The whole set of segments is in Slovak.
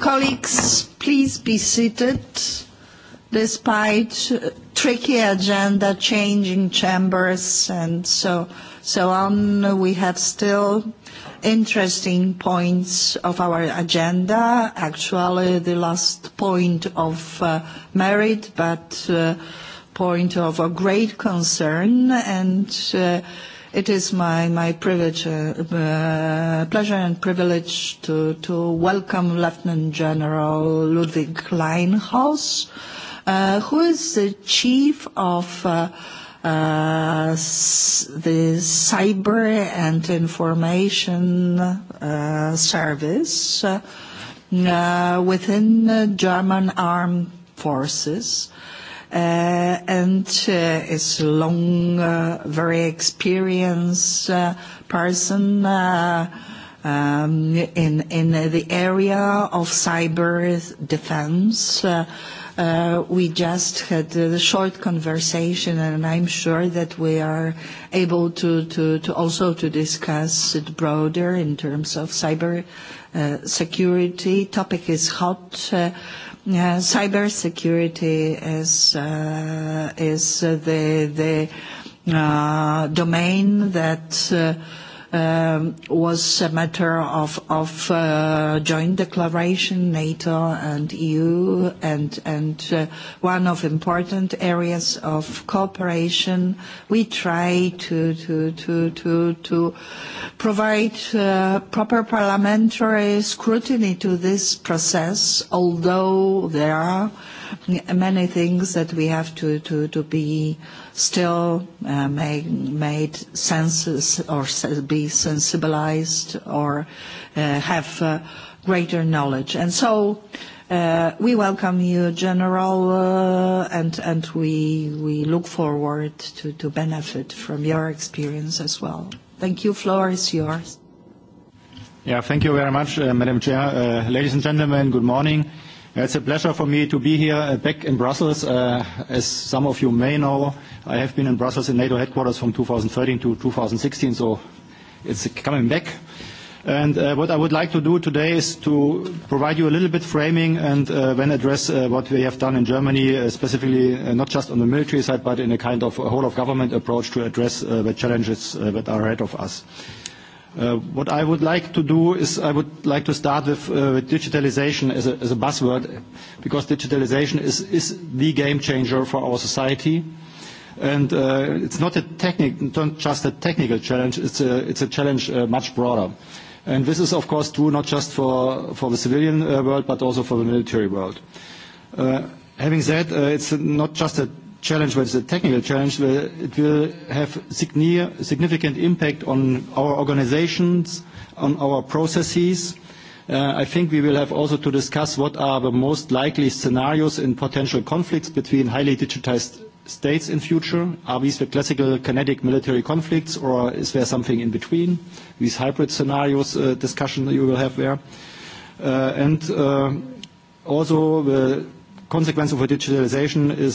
Colleagues, please be seated. Despite tricky agenda, changing chambers, and so, so on, we have still interesting points of our agenda. Actually, the last point of uh, merit, but uh, point of a great concern. And uh, It is my, my privilege, uh, uh, pleasure and privilege to, to welcome Lieutenant General Ludwig Kleinhaus, uh, who is the chief of uh, uh, the Cyber and Information uh, Service uh, uh within the German Armed Forces. Uh, and uh, is a long, uh, very experienced uh, person uh, um, in, in the area of cyber defense. Uh, uh, we just had a short conversation and I'm sure that we are able to, to, to also to discuss it broader in terms of cyber uh, security. Topic is hot. Uh, Uh, cybersecurity is uh, is the the uh, domain that. Uh, um, was a matter of, of uh, joint declaration, NATO and EU, and, and uh, one of important areas of cooperation. We try to, to, to, to, to provide uh, proper parliamentary scrutiny to this process, although there are many things that we have to, to, to be still uh, made, made senses or be sensibilized or uh, have uh, greater knowledge. And so uh, we welcome you, General, uh, and, and we, we look forward to, to benefit from your experience as well. Thank you. Floor is yours. Yeah, thank you very much, uh, Madam Chair. Uh, ladies and gentlemen, good morning. It's a pleasure for me to be here uh, back in Brussels. Uh, as some of you may know, I have been in Brussels in NATO headquarters from 2013 to 2016, so it's coming back. And uh, What I would like to do today is to provide you a little bit framing and uh, then address uh, what we have done in Germany, uh, specifically uh, not just on the military side, but in a kind of whole of government approach to address the challenges that are ahead of us. Uh, what I would like to do is I would like to start with, uh, digitalization as a, buzzword, because digitalization is, the game changer for our society. And uh, it's not, a technic, not just a technical challenge, it's a, challenge much broader. And this is, of course, true not just for, the civilian world, but also for the military world. having said, it's not just a challenge, but it's a technical challenge. Uh, it will have significant impact on our organizations, on our processes. Uh, I think we will have also to discuss what are the most likely scenarios in potential conflicts between highly digitized states in future. Are these the classical kinetic military conflicts, or is there something in between? These hybrid scenarios uh, discussion you will have there. Uh, and uh, Also the consequence of digitalization is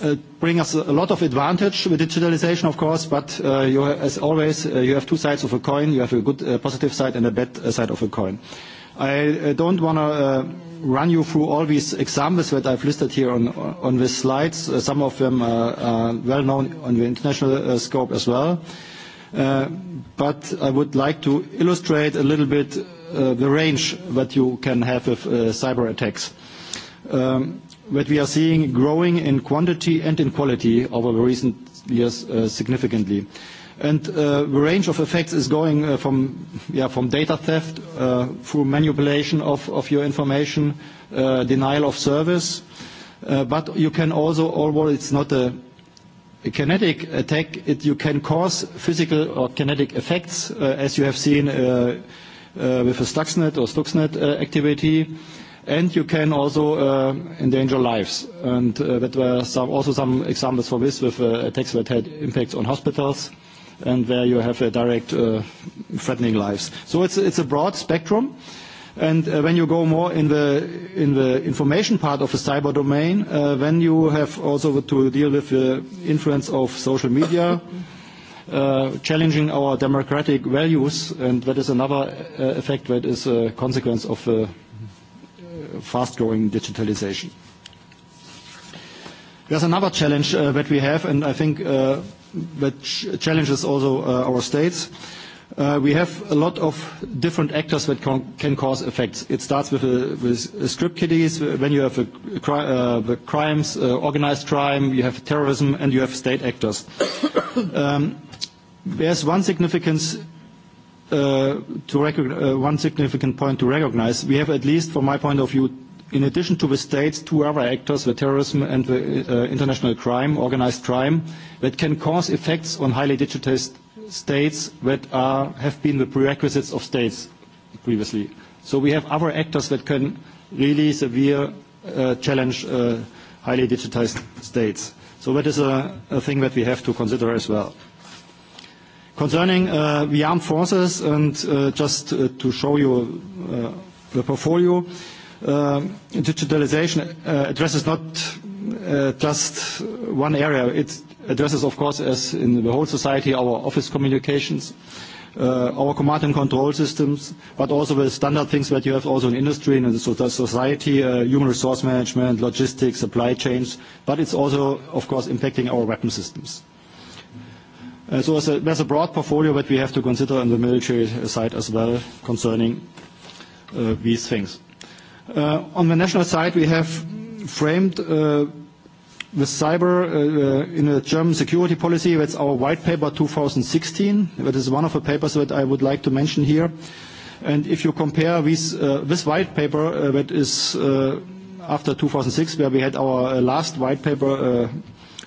Uh, bring us a lot of advantage with digitalization, of course, but uh, as always, uh, you have two sides of a coin. You have a good positive side and a bad side of a coin. I don't want to run you through all these examples that I've listed here on, on these slides. some of them are, well known on the international scope as well. but I would like to illustrate a little bit the range that you can have with cyber attacks. Um, that we are seeing growing in quantity and in quality over the recent years uh, significantly. And uh, The range of effects is going uh, from, data theft through manipulation of, your information, denial of service. but You can also, although it's not a kinetic attack, you can cause physical or kinetic effects, as you have seen with the Stuxnet or Stuxnet activity and you can also uh, endanger lives. And uh, there were some, also some examples for this with uh, attacks that had impacts on hospitals and where you have a direct uh, threatening lives. So it's, it's a broad spectrum. And uh, when you go more in the, in the information part of the cyber domain, uh, then you have also to deal with the influence of social media, uh, challenging our democratic values, and that is another uh, effect that is a consequence of the uh, fast-growing digitalization. There's another challenge uh, that we have, and I think uh, that challenges also uh, our states. We have a lot of different actors that can cause effects. It starts with, with script kiddies, when you have the crimes, organized crime, you have terrorism, and you have state actors. Um, there's one significance Uh, uh, one significant point to recognize. We have, at least from my point of view, in addition to the states, two other actors, the terrorism and the uh, international crime, organized crime, that can cause effects on highly digitized states that have been the prerequisites of states previously. So we have other actors that can really severe uh, challenge highly digitized states. So that is a thing that we have to consider as well. Concerning uh, the armed forces, and uh, just uh, to show you the portfolio, digitalization addresses not just one area. It addresses, of course, as in the whole society, our office communications, our command and control systems, but also the standard things that you have also in industry and in society, human resource management, logistics, supply chains, but it's also, of course, impacting our weapon systems. Uh, so there's a broad portfolio that we have to consider on the military side as well concerning uh, these things. Uh, on the national side, we have framed uh, the cyber uh, uh in a German security policy. That's our white paper 2016. That is one of the papers that I would like to mention here. And if you compare uh, this white paper uh, that is uh, after 2006, where we had our uh, last white paper uh,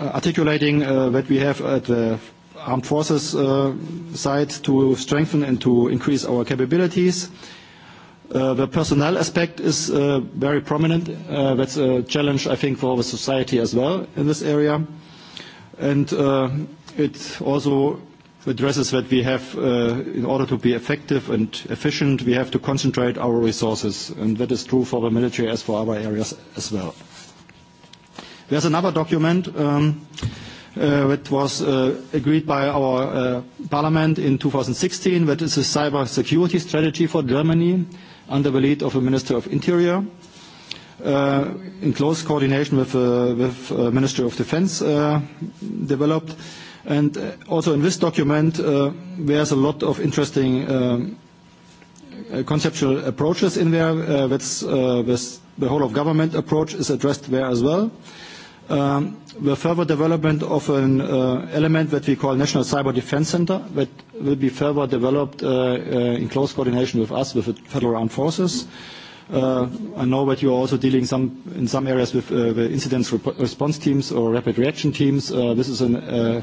Uh, articulating uh, that we have at the armed forces uh, side to strengthen and to increase our capabilities. Uh, the personnel aspect is uh, very prominent. Uh, that's a challenge, I think, for the society as well in this area. And uh, it also addresses that we have, uh, in order to be effective and efficient, we have to concentrate our resources. And that is true for the military as for other areas as well. There's another document um, uh, that was uh, agreed by our uh, parliament in 2016 that is a cyber security strategy for Germany under the lead of the Minister of Interior. Uh, in close coordination with uh, with uh, Minister of Defense uh, developed. And uh, also in this document, uh, there's a lot of interesting um, uh, conceptual approaches in there. Uh, that's, uh, this, the whole of government approach is addressed there as well um, the further development of an uh, element that we call National Cyber Defense Center that will be further developed uh, uh, in close coordination with us, with the Federal Armed Forces. Uh, I know that you are also dealing some, in some areas with uh, the incident response teams or rapid reaction teams. Uh, this is an, uh,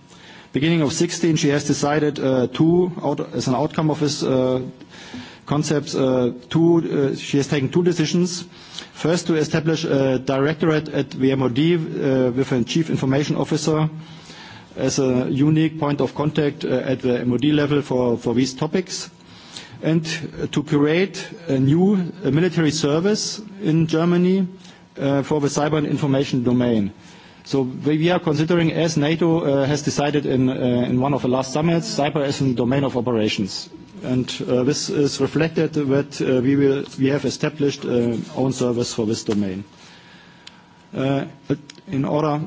Beginning of 16, she has decided uh, two, out, as an outcome of this uh, concept, uh, two, uh, she has taken two decisions. First, to establish a directorate at VMOD uh, with a chief information officer as a unique point of contact uh, at the MOD level for, for these topics and uh, to create a new uh, military service in Germany uh, for the cyber and information domain. So we are considering, as NATO uh, has decided in, uh, in one of the last summits, cyber as a domain of operations. And uh, this is reflected that uh, we, will, we have established uh, own service for this domain. Uh, but in order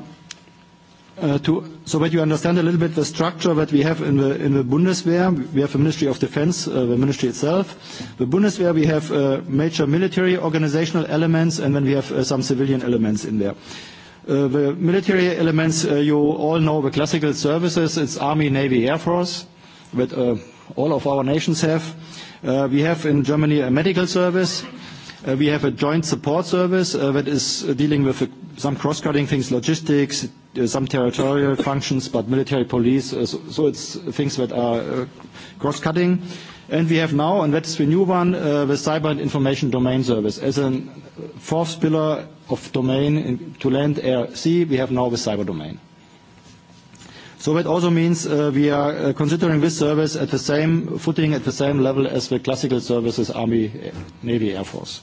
uh, to, so that you understand a little bit the structure that we have in the, in the Bundeswehr, we have the Ministry of Defense, uh, the ministry itself. The Bundeswehr, we have uh, major military organizational elements, and then we have uh, some civilian elements in there. Uh, Uh, the military elements, uh, you all know the classical services. It's Army, Navy, Air Force that uh, all of our nations have. we have in Germany a medical service. we have a joint support service that is dealing with some cross-cutting things, logistics, some territorial functions, but military police. so, it's things that are cross-cutting. And we have now, and that's the new one, uh, the Cyber and Information Domain Service. As a fourth pillar of domain in, to land, air, sea, we have now the cyber domain. So that also means uh, we are uh, considering this service at the same footing, at the same level as the classical services, Army, Navy, Air Force.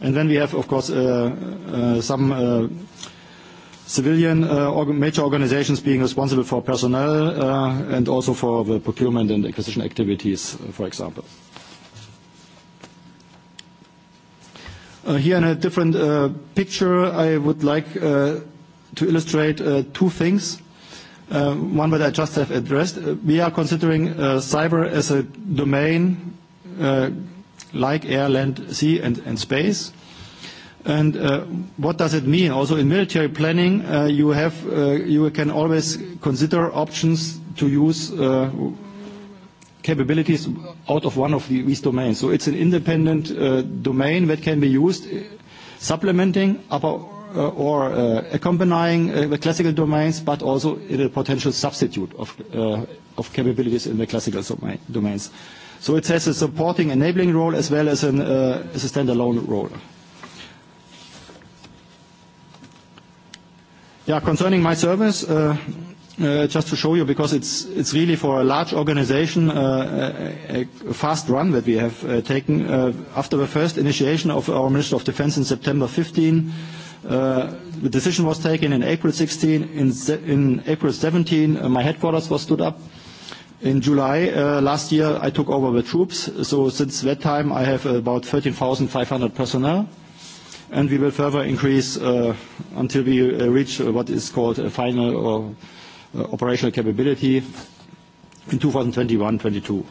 And then we have, of course, some uh, civilian uh, major organizations being responsible for personnel uh, and also for the procurement and acquisition activities, uh, for example. Uh, here in a different uh, picture, I would like uh, to illustrate uh, two things. Uh, one that I just have addressed. Uh, we are considering uh, cyber as a domain uh, like air, land, sea, and, and space. And uh, what does it mean? Also in military planning, uh, you, have, uh, you can always consider options to use uh, capabilities out of one of these domains. So it's an independent uh, domain that can be used, uh, supplementing upper, uh, or uh, accompanying uh, the classical domains, but also in a potential substitute of, uh, of capabilities in the classical domains. So it has a supporting enabling role as well as, an, uh, as a standalone role. Yeah, concerning my service, uh, uh, just to show you, because it's, it's really for a large organization, uh, a, a fast run that we have uh, taken. Uh, after the first initiation of our Minister of Defense in September 15, uh, the decision was taken in April 16. In, in April 17, uh, my headquarters was stood up. In July uh, last year, I took over the troops. So since that time, I have about 13,500 personnel and we will further increase uh, until we uh, reach uh, what is called a final or uh, operational capability in 2021-2022.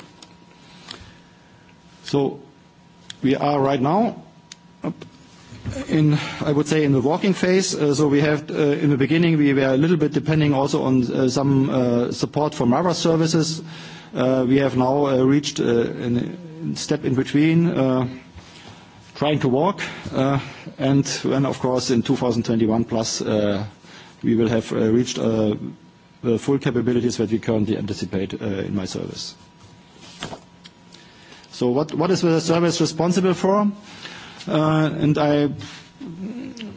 So we are right now in, I would say, in the walking phase. Uh, so we have, uh, in the beginning, we were a little bit depending also on uh, some support from other services. We have now reached a step in between, trying to walk. Uh, and then, of course, in 2021 plus, uh, we will have uh, reached uh, the full capabilities that we currently anticipate uh, in my service. So what, what is the service responsible for? Uh, and I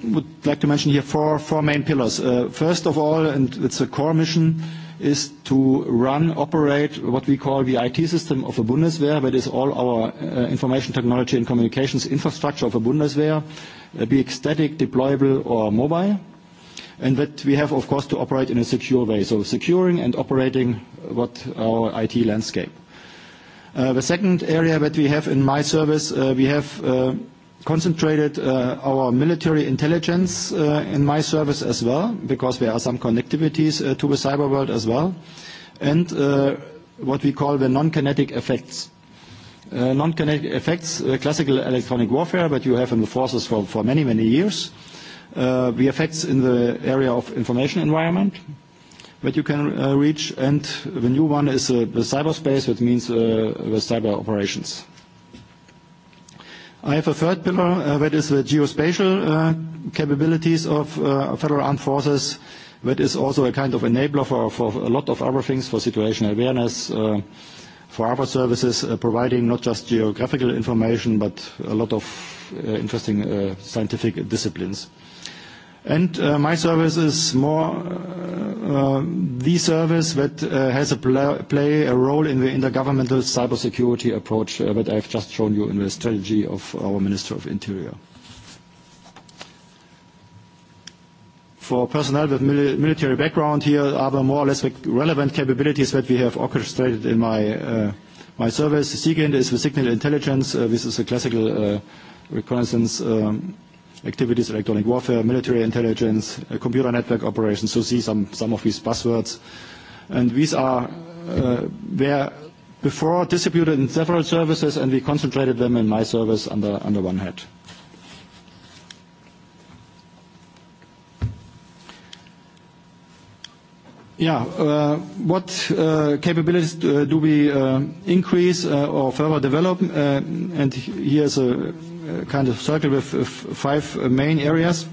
would like to mention here four, four main pillars. Uh, first of all, and it's a core mission, uh, is to run, operate what we call the IT system of the Bundeswehr. That is all our uh, information technology and communications infrastructure of the Bundeswehr, uh, be it static, deployable, or mobile. And that we have, of course, to operate in a secure way, so securing and operating what our IT landscape. Uh, the second area that we have in my service, uh, we have uh, concentrated uh, our military intelligence uh, in my service as well, because there are some connectivities uh, to the cyber world as well, and uh, what we call the non-kinetic effects. Uh, non-kinetic effects, uh, classical electronic warfare, that you have in the forces for, for many, many years. Uh, the effects in the area of information environment that you can uh, reach, and the new one is uh, the cyberspace, which means uh, the cyber operations. I have a third pillar, uh, that is the geospatial uh, capabilities of uh, federal armed forces. That is also a kind of enabler for, for a lot of other things, for situational awareness, uh, for other services, uh, providing not just geographical information, but a lot of uh, interesting uh, scientific disciplines. And uh, my service is more uh, uh, the service that uh, has a play a role in the intergovernmental cybersecurity approach uh, that I've just shown you in the strategy of our Minister of Interior. For personnel with military background here are the more or less the relevant capabilities that we have orchestrated in my, uh, my service. SIGINT is the signal intelligence. Uh, this is a classical uh, reconnaissance um, activities, electronic warfare, military intelligence, uh, computer network operations. So see some, some of these buzzwords. And these are uh, where before distributed in several services and we concentrated them in my service under, under one head. Yeah. Uh, what uh, capabilities do, do we uh, increase uh, or further develop? Uh, and Here's a Uh, kind of circle with uh, five main areas.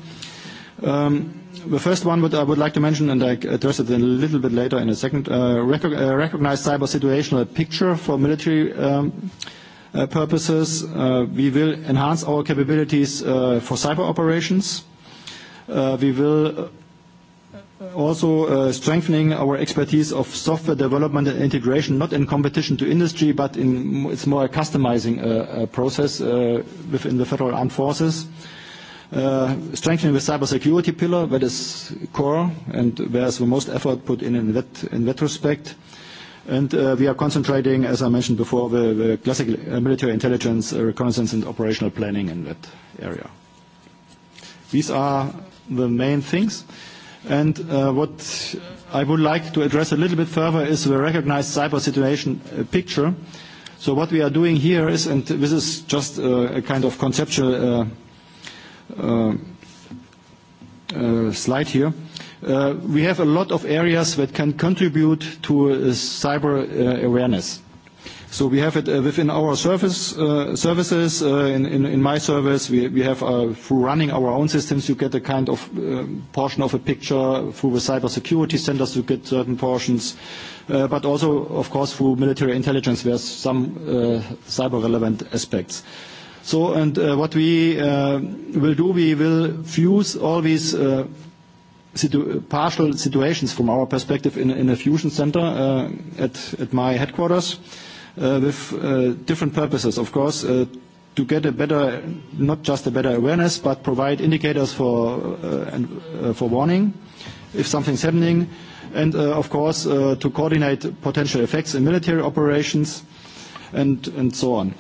Um, the first one that I would like to mention, and I address it a little bit later in a second, uh, rec uh, recognize cyber situational picture for military um, uh, purposes. Uh, we will enhance our capabilities uh, for cyber operations. Uh, we will also uh, strengthening our expertise of software development and integration, not in competition to industry, but in, it's more a customizing uh, uh, process within the Federal Armed Forces. Strengthening the cybersecurity pillar, that is core, and there's the most effort put in in that, in that respect. We are concentrating, as I mentioned before, the, the classical military intelligence, reconnaissance, and operational planning in that area. These are the main things. And uh, what I would like to address a little bit further is the recognized cyber situation uh, picture. So what we are doing here is, and this is just uh, a kind of conceptual uh, uh, uh slide here, uh, we have a lot of areas that can contribute to uh, cyber uh, awareness. So we have it uh, within our uh, services. Uh, in, my service, we, we have through running our own systems, you get a kind of um, portion of a picture. Through the cybersecurity centers, you get certain portions. but also, of course, through military intelligence, there's some cyber-relevant aspects. So, what we will do, we will fuse all these partial situations from our perspective in, in a fusion center at, my headquarters. Uh, with uh, different purposes, of course, uh, to get a better, not just a better awareness, but provide indicators for, and, for warning if something's happening, and of course to coordinate potential effects in military operations and, and so on.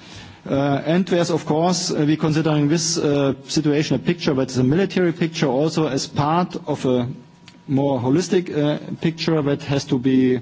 Uh, and there's, of course, uh, we're considering this uh, situation a picture, but it's a military picture also as part of a more holistic uh, picture that has to be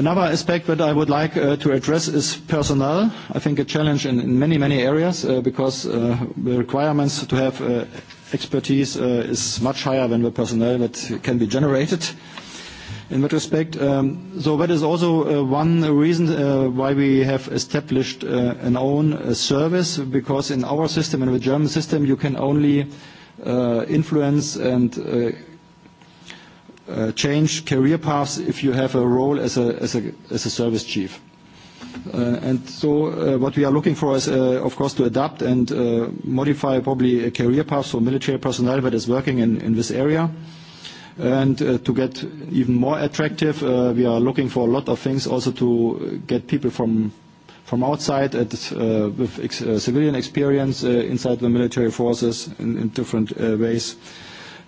Another aspect that I would like uh, to address is personnel. I think a challenge in, in many, many areas uh, because uh, the requirements to have uh, expertise uh, is much higher than the personnel that can be generated in that respect. Um, so that is also uh, one reason uh, why we have established uh, an own uh, service because in our system, in the German system, you can only uh, influence and uh, uh, change career paths if you have a role as a, as a, as a service chief. Uh, and so uh, what we are looking for is, uh, of course, to adapt and uh, modify probably a career path for military personnel that is working in, in this area. And uh, to get even more attractive, uh, we are looking for a lot of things also to get people from from outside at, uh, with ex uh, civilian experience uh, inside the military forces in, in different uh, ways.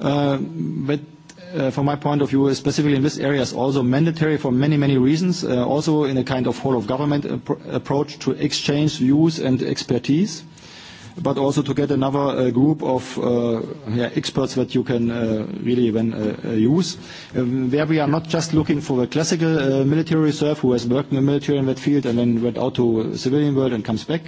Uh, but uh, from my point of view, specifically in this area is also mandatory for many, many reasons, uh, also in a kind of whole of government ap approach to exchange views and expertise, but also to get another uh, group of uh, yeah, experts that you can uh, really even uh, uh, use. Um, where we are not just looking for the classical uh, military reserve who has worked in the military in that field and then went out to civilian world and comes back,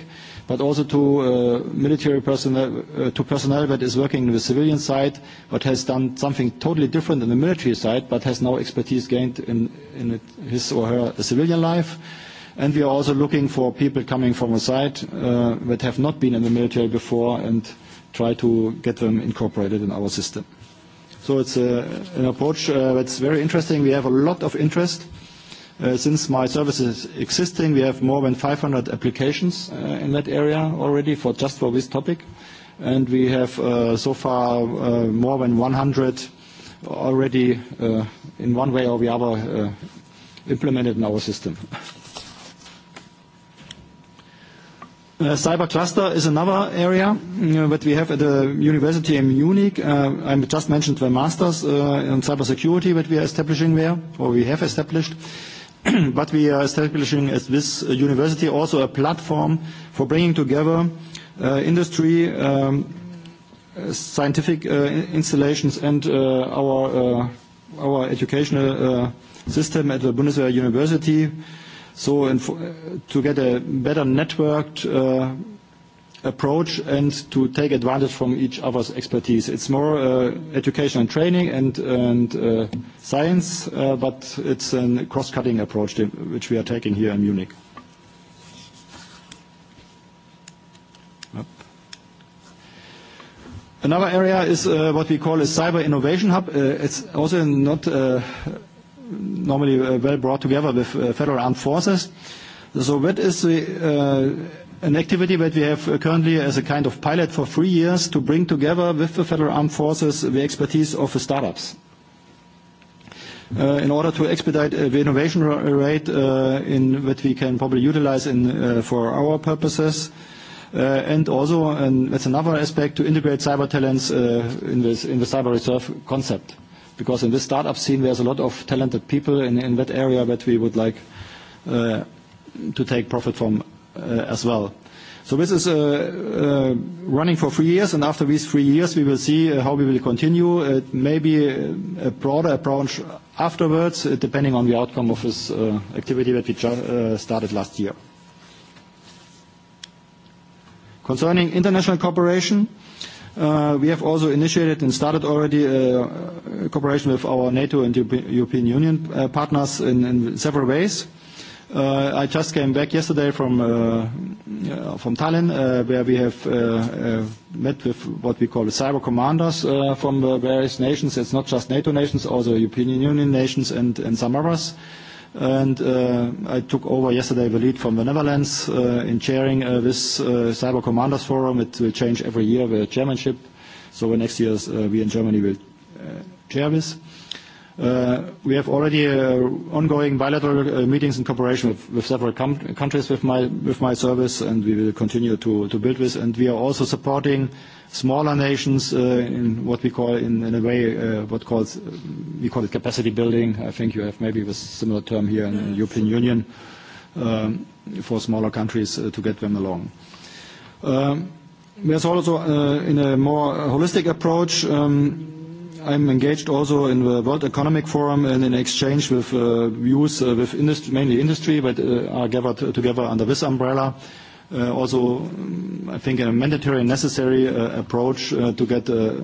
but also to uh, military personnel, uh, to personnel that is working in the civilian side, but has done something totally different in the military side, but has no expertise gained in, in his or her civilian life. And we are also looking for people coming from a side uh, that have not been in the military before and try to get them incorporated in our system. So it's a, uh, an approach uh, that's very interesting. We have a lot of interest. Uh, Uh, since my service is existing, we have more than 500 applications uh, in that area already for just for this topic. And we have uh, so far uh, more than 100 already uh, in one way or the other uh, implemented in our system. Uh, cyber cluster is another area uh, that we have at the university in Munich. Uh, I just mentioned the masters uh, in cybersecurity that we are establishing there, or we have established. Uh, what we are establishing at this university also a platform for bringing together uh, industry, um, scientific uh, installations, and uh, our, uh, our educational uh, system at the Bundeswehr University. So uh to get a better networked uh, approach and to take advantage from each other's expertise. It's more uh, education and training and, and uh, science, uh, but it's a cross-cutting approach to, which we are taking here in Munich. Another area is uh, what we call a cyber innovation hub. Uh, it's also not uh, normally uh, well brought together with uh, federal armed forces. So that is the uh, an activity that we have uh, currently as a kind of pilot for three years to bring together with the Federal Armed Forces the expertise of the startups. Uh, in order to expedite uh, the innovation rate in that we can probably utilize in for our purposes. And also, and that's another aspect, to integrate cyber talents in, this, in the cyber reserve concept. Because in this startup scene, there's a lot of talented people in that area that we would like to take profit from Uh, as well. So This is uh, uh, running for three years, and after these three years, we will see how we will continue. It may be a broader approach afterwards, depending on the outcome of this activity that we started last year. Concerning international cooperation, we have also initiated and started already a cooperation with our NATO and European Union partners in several ways. Uh, I just came back yesterday from uh, from Tallinn, uh, where we have uh, uh, met with what we call the cyber commanders uh, from the uh, various nations. It's not just NATO nations, also European Union nations and, and some others. And uh, I took over yesterday the lead from the Netherlands uh, in chairing uh, this uh, cyber commanders forum. It will change every year the chairmanship. So the next year uh, we in Germany will uh, chair this. Uh, we have already uh, ongoing bilateral uh, meetings in cooperation with, with several com countries with my, with my service, and we will continue to, to build this. And we are also supporting smaller nations uh, in what we call, in, in a way, uh, what calls, uh, we call it capacity building. I think you have maybe a similar term here in the European Union um, for smaller countries uh, to get them along. Um, there's also, uh, in a more holistic approach, um, I'm engaged also in the World Economic Forum and in exchange with uh, views uh, with industry, mainly industry, but uh, are gathered together under this umbrella. Uh, also, um, I think a mandatory and necessary uh, approach uh, to get uh,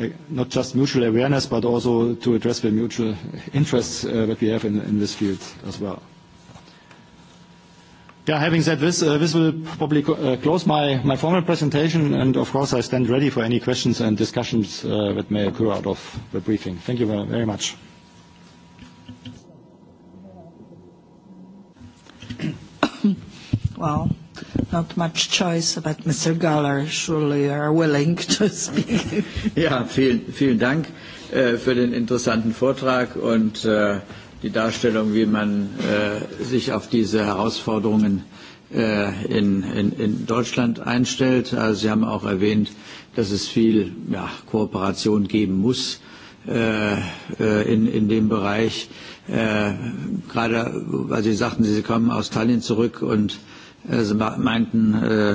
uh, not just mutual awareness, but also to address the mutual interests uh, that we have in, in this field as well. Yeah, having said this, uh, this will probably uh, close my, my formal presentation, and of course, I stand ready for any questions and discussions uh, that may occur out of the briefing. Thank you very, very much. Well, not much choice, but Mr. Galler, surely you are willing to speak. ja, vielen, vielen Dank äh, für den interessanten Vortrag und äh, die Darstellung, wie man äh, sich auf diese Herausforderungen äh, in, in, in Deutschland einstellt. Also Sie haben auch erwähnt, dass es viel ja, Kooperation geben muss äh, äh in, in dem Bereich. Äh, gerade, weil Sie sagten, Sie kommen aus Tallinn zurück und äh, Sie meinten, äh,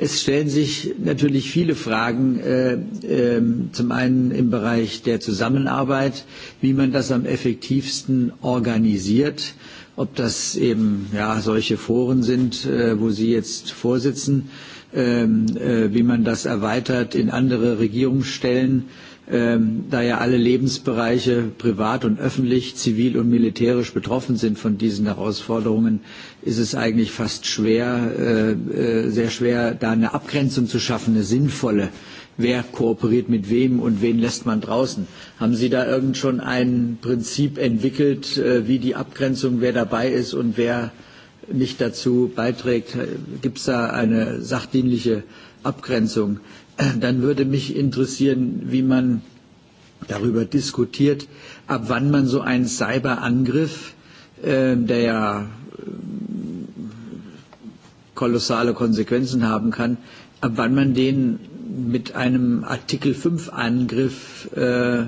Es stellen sich natürlich viele Fragen, äh, äh, zum einen im Bereich der Zusammenarbeit, wie man das am effektivsten organisiert, ob das eben ja, solche Foren sind, äh, wo Sie jetzt vorsitzen, ähm, äh, wie man das erweitert in andere Regierungsstellen, ähm, da ja alle Lebensbereiche privat und öffentlich, zivil und militärisch betroffen sind von diesen Herausforderungen, ist es eigentlich fast schwer, äh, äh, sehr schwer, da eine Abgrenzung zu schaffen, eine sinnvolle. Wer kooperiert mit wem und wen lässt man draußen? Haben Sie da irgend schon ein Prinzip entwickelt, äh, wie die Abgrenzung, wer dabei ist und wer nicht dazu beiträgt? Gibt es da eine sachdienliche Abgrenzung? Äh, dann würde mich interessieren, wie man darüber diskutiert, ab wann man so einen Cyberangriff, äh, der ja kolossale Konsequenzen haben kann, ab wann man den mit einem Artikel 5 Angriff äh,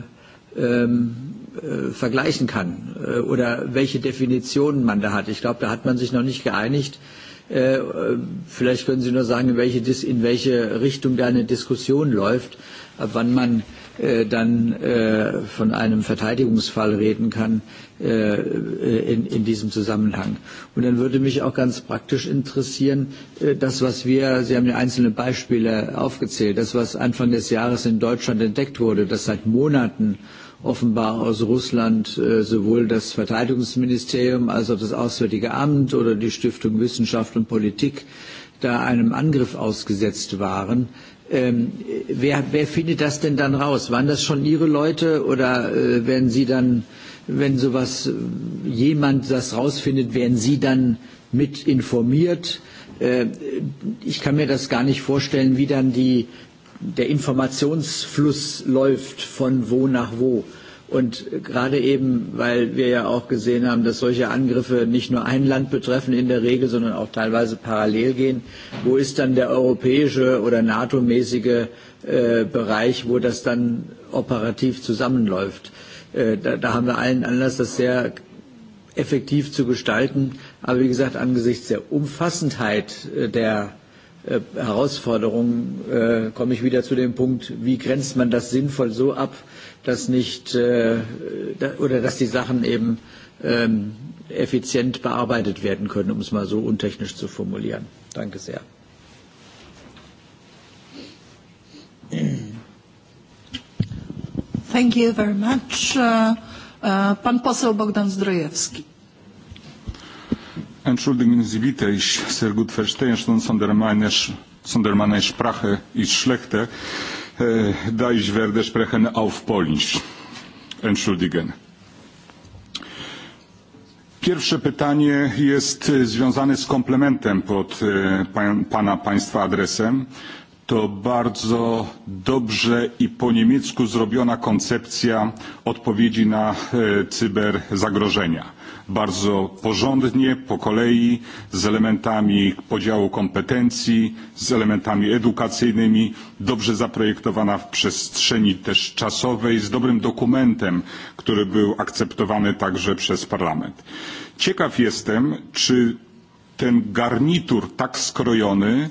ähm, äh, vergleichen kann äh, oder welche Definitionen man da hat. Ich glaube, da hat man sich noch nicht geeinigt. Äh, vielleicht können Sie nur sagen, in welche, in welche Richtung da eine Diskussion läuft, ab wann man Äh, dann äh, von einem Verteidigungsfall reden kann äh, in, in diesem Zusammenhang. Und dann würde mich auch ganz praktisch interessieren, das, was wir, Sie haben ja einzelne Beispiele aufgezählt, das, was Anfang des Jahres in Deutschland entdeckt wurde, das seit Monaten offenbar aus Russland äh, sowohl das Verteidigungsministerium als auch das Auswärtige Amt oder die Stiftung Wissenschaft und Politik da einem Angriff ausgesetzt waren. Ähm, wer, wer findet das denn dann raus? Waren das schon Ihre Leute oder äh, werden Sie dann, wenn sowas jemand das rausfindet, werden Sie dann mit informiert? Äh, ich kann mir das gar nicht vorstellen, wie dann die, der Informationsfluss läuft von wo nach wo. Äh, Und gerade eben, weil wir ja auch gesehen haben, dass solche Angriffe nicht nur ein Land betreffen in der Regel, sondern auch teilweise parallel gehen, wo ist dann der europäische oder NATO-mäßige äh, Bereich, wo das dann operativ zusammenläuft? Äh, da, da haben wir allen Anlass, das sehr effektiv zu gestalten. Aber wie gesagt, angesichts der Umfassendheit äh, der äh, Herausforderungen äh, komme ich wieder zu dem Punkt, wie grenzt man das sinnvoll so ab, dass nicht äh, oder dass die Sachen eben ähm, effizient bearbeitet werden können, um es mal so untechnisch zu formulieren. Danke sehr. Thank you very much. Uh, uh, pan poseł Bogdan Zdrojewski. Entschuldigen Sie bitte, ich sehr gut verstehe schon Sondermeinersprache ist schlechte. E, da ich werde sprechen auf Polnisch. Entschuldigen. Pierwsze pytanie jest e, związane z komplementem pod e, pana państwa adresem. To bardzo dobrze i po niemiecku zrobiona koncepcja odpowiedzi na cyberzagrożenia bardzo porządnie, po kolei, z elementami podziału kompetencji, z elementami edukacyjnymi, dobrze zaprojektowana w przestrzeni też czasowej, z dobrym dokumentem, który był akceptowany także przez Parlament. Ciekaw jestem, czy ten garnitur tak skrojony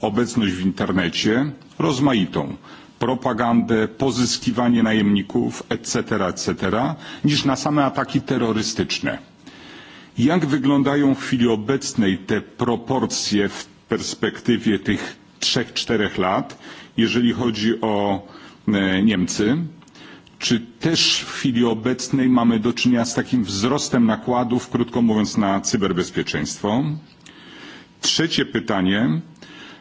obecność w internecie rozmaitą propagandę, pozyskiwanie najemników, etc., etc., niż na same ataki terrorystyczne. Jak wyglądają w chwili obecnej te proporcje w perspektywie tych trzech, czterech lat, jeżeli chodzi o e, Niemcy? Czy też w chwili obecnej mamy do czynienia z takim wzrostem nakładów, krótko mówiąc, na cyberbezpieczeństwo? Trzecie pytanie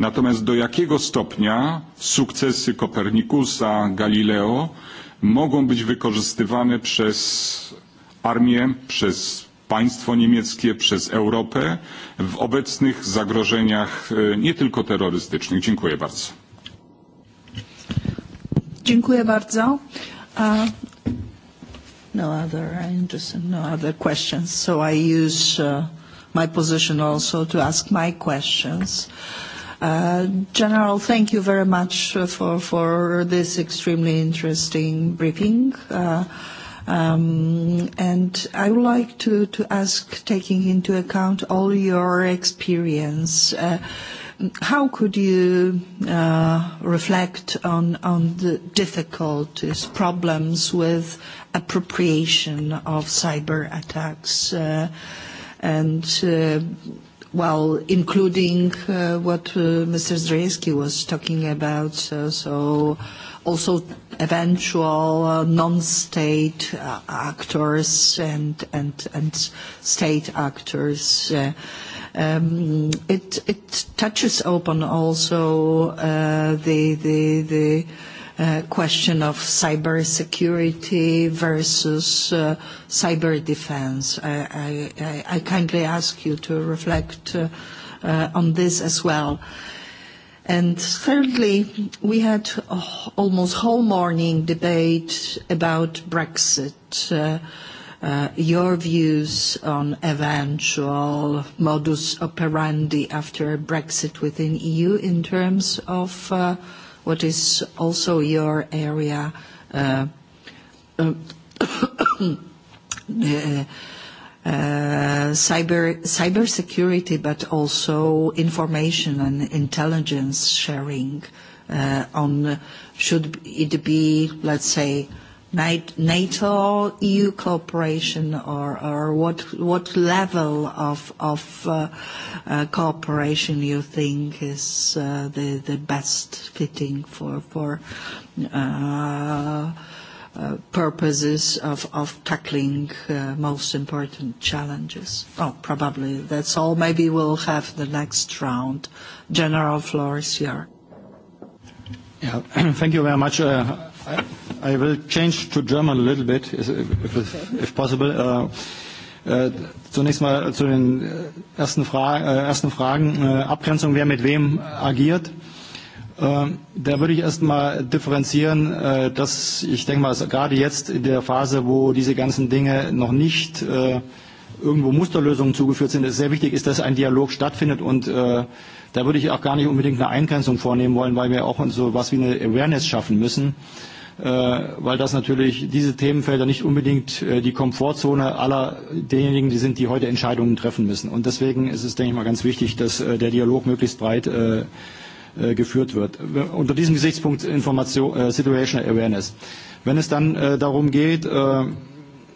Natomiast do jakiego stopnia sukcesy Kopernikusa, Galileo mogą być wykorzystywane przez armię, przez państwo niemieckie, przez Europę w obecnych zagrożeniach e, nie tylko terrorystycznych? Dziękuję bardzo. Dziękuję bardzo. Uh... No other no other questions. So I use uh, my position also to ask my questions. Uh, Uh, General, thank you very much for, for this extremely interesting briefing. Uh, um, and I would like to, to ask, taking into account all your experience, uh, how could you uh, reflect on, on the difficulties, problems with appropriation of cyber attacks? Uh, and uh, well, including uh, what uh, Mr. Zdrajewski was talking about, so also eventual uh, non-state uh, actors and, and, and state actors. um, it, it touches upon also uh, the, the, the Uh, question of cybersecurity versus uh, cyber defense. I, kindly ask you to reflect uh, on this as well. And thirdly, we had a, almost whole morning debate about Brexit. your views on eventual modus operandi after Brexit within EU in terms of what is also your area, uh, uh, uh, cyber cybersecurity, but also information and intelligence sharing uh, on should it be, let's say, NATO EU cooperation or, or what what level of of uh, uh, cooperation you think is uh, the the best fitting for for uh, uh, purposes of, of tackling uh, most important challenges. Oh, probably that's all. Maybe we'll have the next round. General Flores here. Yeah, thank you very much. Uh, I i will change to German a little bit, if, if, if possible. Uh, äh, zunächst mal zu den äh, ersten, Fra äh, ersten Fragen. Äh, Abgrenzung, wer mit wem agiert. Äh, da würde ich erst mal differenzieren, äh, dass ich denke mal, gerade jetzt in der Phase, wo diese ganzen Dinge noch nicht irgendwo Musterlösungen zugeführt sind, ist sehr wichtig ist, dass ein Dialog stattfindet und äh, da würde ich auch gar nicht unbedingt eine Eingrenzung vornehmen wollen, weil wir auch so etwas wie eine Awareness schaffen müssen. Äh, weil das natürlich diese Themenfelder nicht unbedingt äh, die Komfortzone aller derjenigen die sind, die heute Entscheidungen treffen müssen. Und deswegen ist es, denke ich mal, ganz wichtig, dass äh, der Dialog möglichst breit geführt wird. Unter diesem Gesichtspunkt Information, Situational Awareness. Wenn es dann darum geht,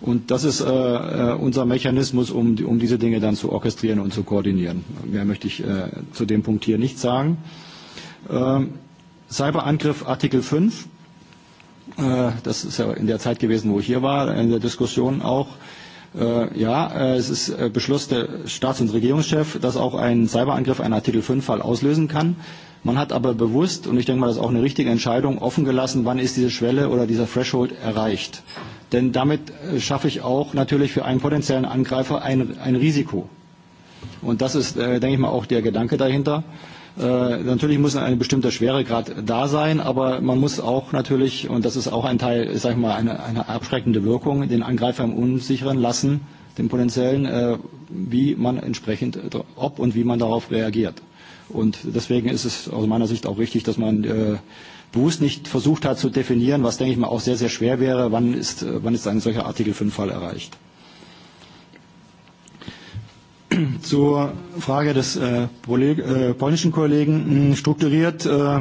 Und das ist äh, äh unser Mechanismus, um, um diese Dinge dann zu orchestrieren und zu koordinieren. Mehr möchte ich äh, zu dem Punkt hier nicht sagen. Äh, Cyberangriff Artikel 5. Äh, das ist ja in der Zeit gewesen, wo ich hier war, in der Diskussion auch. Äh, ja, äh, es ist äh, Beschluss der Staats- und Regierungschef, dass auch ein Cyberangriff einen Artikel 5-Fall auslösen kann. Man hat aber bewusst, und ich denke mal, das ist auch eine richtige Entscheidung, offen gelassen, wann ist diese Schwelle oder dieser Threshold erreicht. Denn damit äh, schaffe ich auch natürlich für einen potenziellen Angreifer ein, ein Risiko. Und das ist, äh, denke ich mal, auch der Gedanke dahinter. Äh, natürlich muss ein bestimmter Schweregrad da sein, aber man muss auch natürlich, und das ist auch ein Teil, sage ich mal, eine, eine abschreckende Wirkung, den Angreifer im Unsicheren lassen, den potenziellen, äh, wie man entsprechend, äh, ob und wie man darauf reagiert. Und deswegen ist es aus meiner Sicht auch richtig, dass man äh, bewusst nicht versucht hat zu definieren, was, denke ich mal, auch sehr, sehr schwer wäre, wann ist, wann ist ein solcher Artikel 5-Fall erreicht. Zur Frage des äh, äh polnischen Kollegen hm, strukturiert. Äh,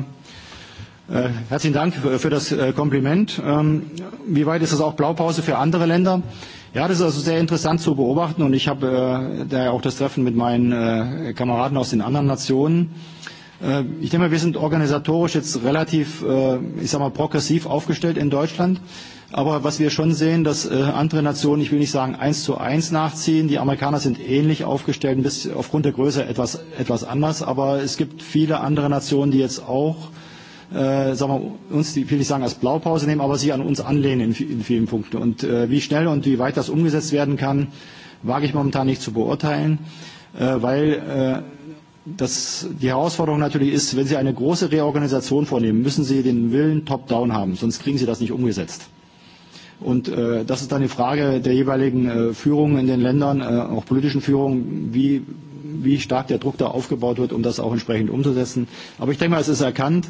äh, herzlichen Dank für, für das äh, Kompliment. Ähm, wie weit ist das auch Blaupause für andere Länder? Ja, das ist also sehr interessant zu beobachten und ich habe äh, da auch das Treffen mit meinen äh, Kameraden aus den anderen Nationen. Äh, Äh, ich denke mal, wir sind organisatorisch jetzt relativ, äh, ich sag mal, progressiv aufgestellt in Deutschland. Aber was wir schon sehen, dass äh, andere Nationen, ich will nicht sagen eins zu eins nachziehen, die Amerikaner sind ähnlich aufgestellt, aufgrund der Größe etwas, etwas anders. Aber es gibt viele andere Nationen, die jetzt auch, äh, sagen wir, uns, die will ich sagen, als Blaupause nehmen, aber sie an uns anlehnen in, in vielen Punkten. Und äh, wie schnell und wie weit das umgesetzt werden kann, wage ich momentan nicht zu beurteilen, äh, weil das, die Herausforderung natürlich ist, wenn Sie eine große Reorganisation vornehmen, müssen Sie den Willen top-down haben, sonst kriegen Sie das nicht umgesetzt. Und äh, das ist dann die Frage der jeweiligen äh, Führung in den Ländern, äh, auch politischen Führung, wie, wie stark der Druck da aufgebaut wird, um das auch entsprechend umzusetzen. Aber ich denke mal, es ist erkannt, äh,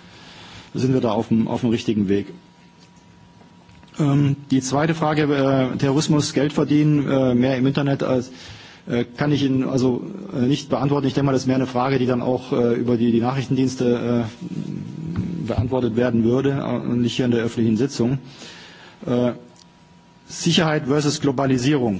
sind wir da auf dem, auf dem richtigen Weg. Ähm, die zweite Frage, äh, Terrorismus, Geld verdienen, äh, mehr im Internet als äh, kann ich Ihnen also äh, nicht beantworten. Ich denke mal, das ist mehr eine Frage, die dann auch äh, über die, die Nachrichtendienste äh, beantwortet werden würde und nicht hier in der öffentlichen Sitzung. Sicherheit versus Globalisierung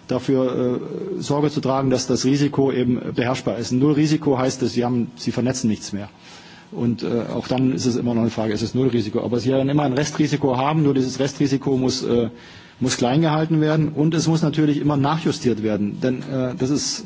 dafür äh, Sorge zu tragen, dass das Risiko eben beherrschbar ist. Null Risiko heißt es, sie, haben, sie vernetzen nichts mehr. Und äh, auch dann ist es immer noch eine Frage, ist es Nullrisiko. Aber Sie werden immer ein Restrisiko haben, nur dieses Restrisiko muss, äh, muss klein gehalten werden und es muss natürlich immer nachjustiert werden. Denn äh, das ist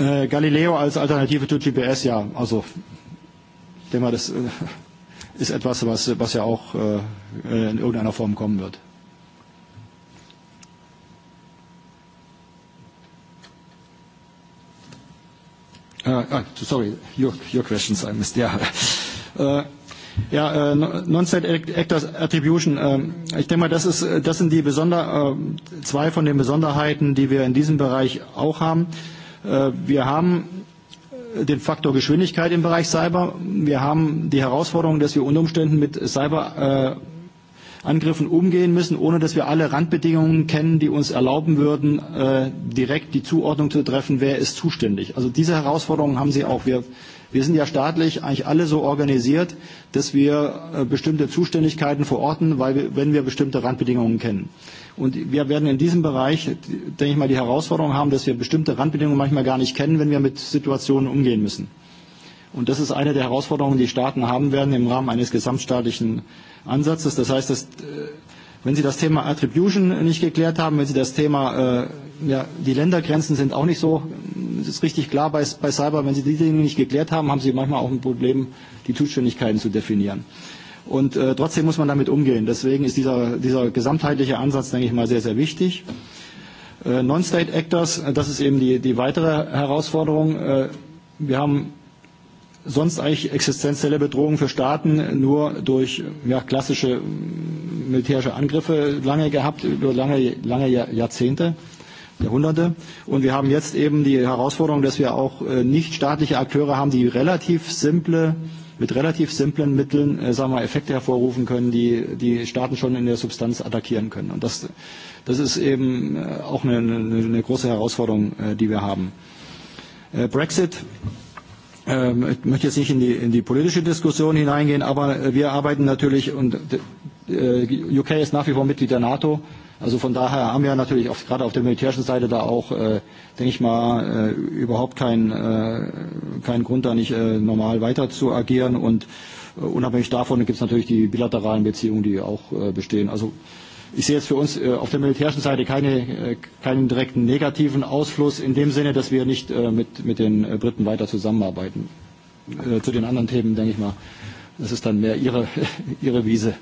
Äh, Galileo als Alternative zu GPS, ja, also ich denke mal, das äh, ist etwas, was, was ja auch äh, in irgendeiner Form kommen wird. Uh, sorry, your, your questions I missed. Yeah. Uh, ja, uh, Non-State Actors Attribution. Uh, ich denke mal, das, ist, das sind die Besonder, zwei von den Besonderheiten, die wir in diesem Bereich auch haben. Uh, Äh, wir haben den Faktor Geschwindigkeit im Bereich Cyber. Wir haben die Herausforderung, dass wir unter Umständen mit Cyber äh, Angriffen umgehen müssen, ohne dass wir alle Randbedingungen kennen, die uns erlauben würden, äh, direkt die Zuordnung zu treffen, wer ist zuständig. Also diese Herausforderungen haben Sie auch. Wir, wir sind ja staatlich eigentlich alle so organisiert, dass wir bestimmte Zuständigkeiten verorten, weil wir, wenn wir bestimmte Randbedingungen kennen. Und wir werden in diesem Bereich, denke ich mal, die Herausforderung haben, dass wir bestimmte Randbedingungen manchmal gar nicht kennen, wenn wir mit Situationen umgehen müssen. Und das ist eine der Herausforderungen, die Staaten haben werden im Rahmen eines gesamtstaatlichen Ansatzes. Das heißt, dass, äh, wenn Sie das Thema Attribution nicht geklärt haben, wenn Sie das Thema, äh, ja, die Ländergrenzen sind auch nicht so, es ist richtig klar bei, bei Cyber, wenn Sie diese Dinge nicht geklärt haben, haben Sie manchmal auch ein Problem, die Zuständigkeiten zu definieren. Und äh, trotzdem muss man damit umgehen. Deswegen ist dieser, dieser gesamtheitliche Ansatz, denke ich mal, sehr, sehr wichtig. Äh, Non-State Actors, äh, das ist eben die, die weitere Herausforderung. Äh, wir haben sonst eigentlich existenzielle Bedrohungen für Staaten nur durch ja, klassische militärische Angriffe lange gehabt, über lange, lange Jahrzehnte. Jahrhunderte. Und wir haben jetzt eben die Herausforderung, dass wir auch äh, nichtstaatliche Akteure haben, die relativ simple äh, mit relativ simplen Mitteln äh, sagen wir, Effekte hervorrufen können, die die Staaten schon in der Substanz attackieren können. Und das, das ist eben äh, auch eine, eine, eine große Herausforderung, äh, die wir haben. Äh, Brexit. Ähm, ich möchte jetzt nicht in die, in die politische Diskussion hineingehen, aber äh, wir arbeiten natürlich und äh, UK ist nach wie vor Mitglied der NATO. Also von daher haben wir natürlich auf, gerade auf der militärischen Seite da auch, äh, denke ich mal, äh, überhaupt keinen äh, kein Grund, da nicht äh, normal weiter zu agieren. Und äh, unabhängig davon gibt es natürlich die bilateralen Beziehungen, die auch äh, bestehen. Also ich sehe jetzt für uns äh, auf der militärischen Seite keine, äh, keinen direkten negativen Ausfluss in dem Sinne, dass wir nicht äh, mit, mit den äh, Briten weiter zusammenarbeiten. Äh, zu den anderen Themen, denke ich mal, das ist dann mehr ihre, ihre Wiese.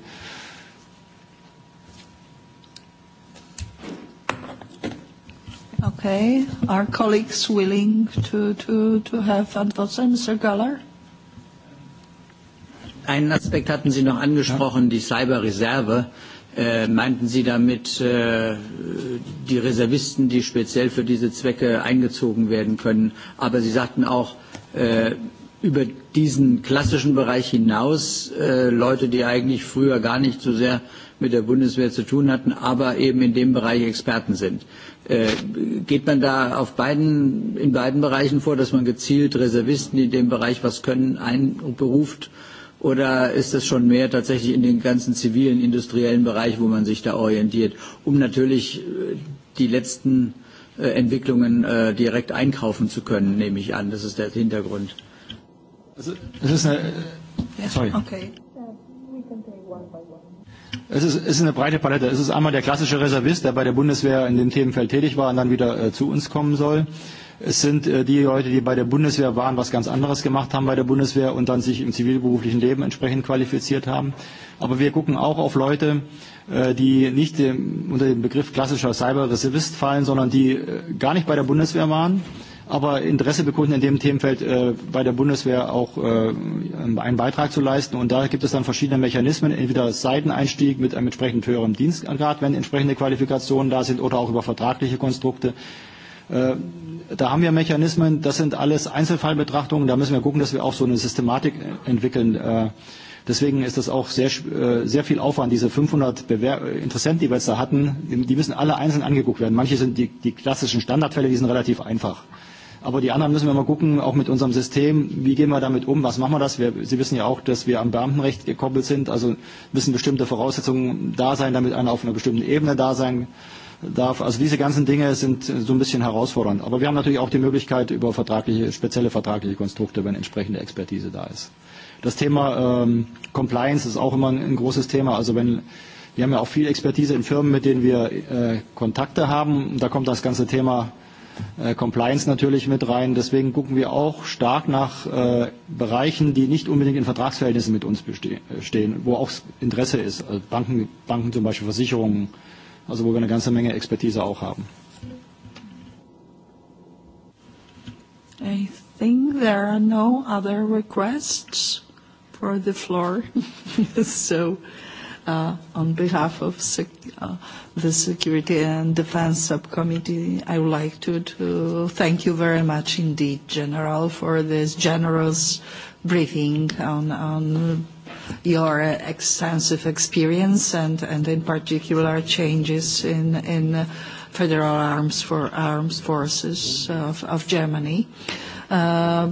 Okay. Are colleagues willing to, to, to have Antworten? Mr. Galler? Einen Aspekt hatten Sie noch angesprochen, die Cyberreserve. Äh, meinten Sie damit äh, die Reservisten, die speziell für diese Zwecke eingezogen werden können? Aber Sie sagten auch, äh, über diesen klassischen Bereich hinaus äh, Leute, die eigentlich früher gar nicht so sehr mit der Bundeswehr zu tun hatten, aber eben in dem Bereich Experten sind. Äh, geht man da auf beiden, in beiden Bereichen vor, dass man gezielt Reservisten, in dem Bereich was können, einberuft? Oder ist das schon mehr tatsächlich in den ganzen zivilen, industriellen Bereich, wo man sich da orientiert, um natürlich äh, die letzten äh, Entwicklungen äh, direkt einkaufen zu können, nehme ich an. Das ist der Hintergrund. Es ist eine, sorry. Okay. Uh, es ist, es ist eine breite Palette. Es ist einmal der klassische Reservist, der bei der Bundeswehr in dem Themenfeld tätig war und dann wieder äh, zu uns kommen soll. Es sind äh, die Leute, die bei der Bundeswehr waren, was ganz anderes gemacht haben bei der Bundeswehr und dann sich im zivilberuflichen Leben entsprechend qualifiziert haben. Aber wir gucken auch auf Leute, äh, die nicht dem, unter den Begriff klassischer Cyberreservist fallen, sondern die äh, gar nicht bei der Bundeswehr waren, äh, aber Interesse bekunden, in dem Themenfeld äh, bei der Bundeswehr auch äh, einen Beitrag zu leisten. Und da gibt es dann verschiedene Mechanismen, entweder Seiteneinstieg mit einem entsprechend höheren Dienstgrad, wenn entsprechende Qualifikationen da sind, oder auch über vertragliche Konstrukte. Äh, da haben wir Mechanismen, das sind alles Einzelfallbetrachtungen, da müssen wir gucken, dass wir auch so eine Systematik entwickeln. Äh, deswegen ist das auch sehr, äh, sehr viel Aufwand. Diese 500 Bewer Interessenten, die wir jetzt da hatten, die müssen alle einzeln angeguckt werden. Manche sind die, die klassischen Standardfälle, die sind relativ einfach. Aber die anderen müssen wir mal gucken, auch mit unserem System, wie gehen wir damit um, was machen wir das? Wir, Sie wissen ja auch, dass wir am Beamtenrecht gekoppelt sind, also müssen bestimmte Voraussetzungen da sein, damit einer auf einer bestimmten Ebene da sein darf. Also diese ganzen Dinge sind so ein bisschen herausfordernd. Aber wir haben natürlich auch die Möglichkeit über vertragliche, spezielle vertragliche Konstrukte, wenn entsprechende Expertise da ist. Das Thema ähm, Compliance ist auch immer ein, ein großes Thema. Also wenn wir haben ja auch viel Expertise in Firmen, mit denen wir äh, Kontakte haben. Da kommt das ganze Thema Äh, Compliance natürlich mit rein. Deswegen gucken wir auch stark nach äh, Bereichen, die nicht unbedingt in Vertragsverhältnissen mit uns äh, stehen, wo auch Interesse ist. Also Banken, Banken zum Beispiel, Versicherungen, also wo wir eine ganze Menge Expertise auch haben. I think there are no other requests for the floor. so uh, on behalf of sec uh, the Security and Defense Subcommittee, I would like to, to thank you very much indeed, General, for this generous briefing on, on your extensive experience and, and in particular changes in, in federal arms for arms forces of, of Germany. Uh,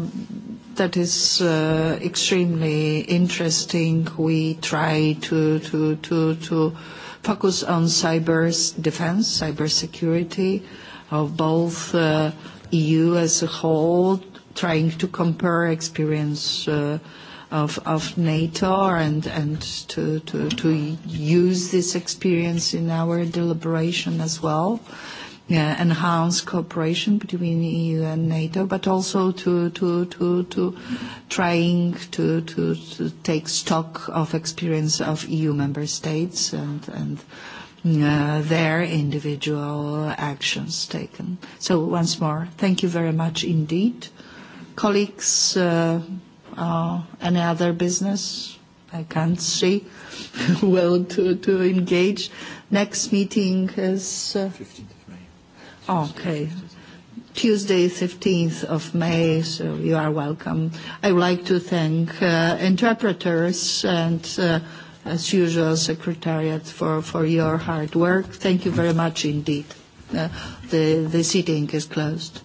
that is uh, extremely interesting. We try to, to, to, to focus on cyber defense, cyber security of both uh, EU as a whole, trying to compare experience uh, of, of NATO and, and to, to, to use this experience in our deliberation as well uh, enhance cooperation between the EU and NATO, but also to, to, to, to trying to, to, to take stock of experience of EU member states and, and uh, their individual actions taken. So once more, thank you very much indeed. Colleagues, uh, uh, any other business? I can't see. well, to, to engage. Next meeting is... Uh, 15th. Okay. Tuesday, 15th of May, so you are welcome. I would like to thank uh, interpreters and, uh, as usual, Secretariat for, for your hard work. Thank you very much indeed. Uh, the, the sitting is closed.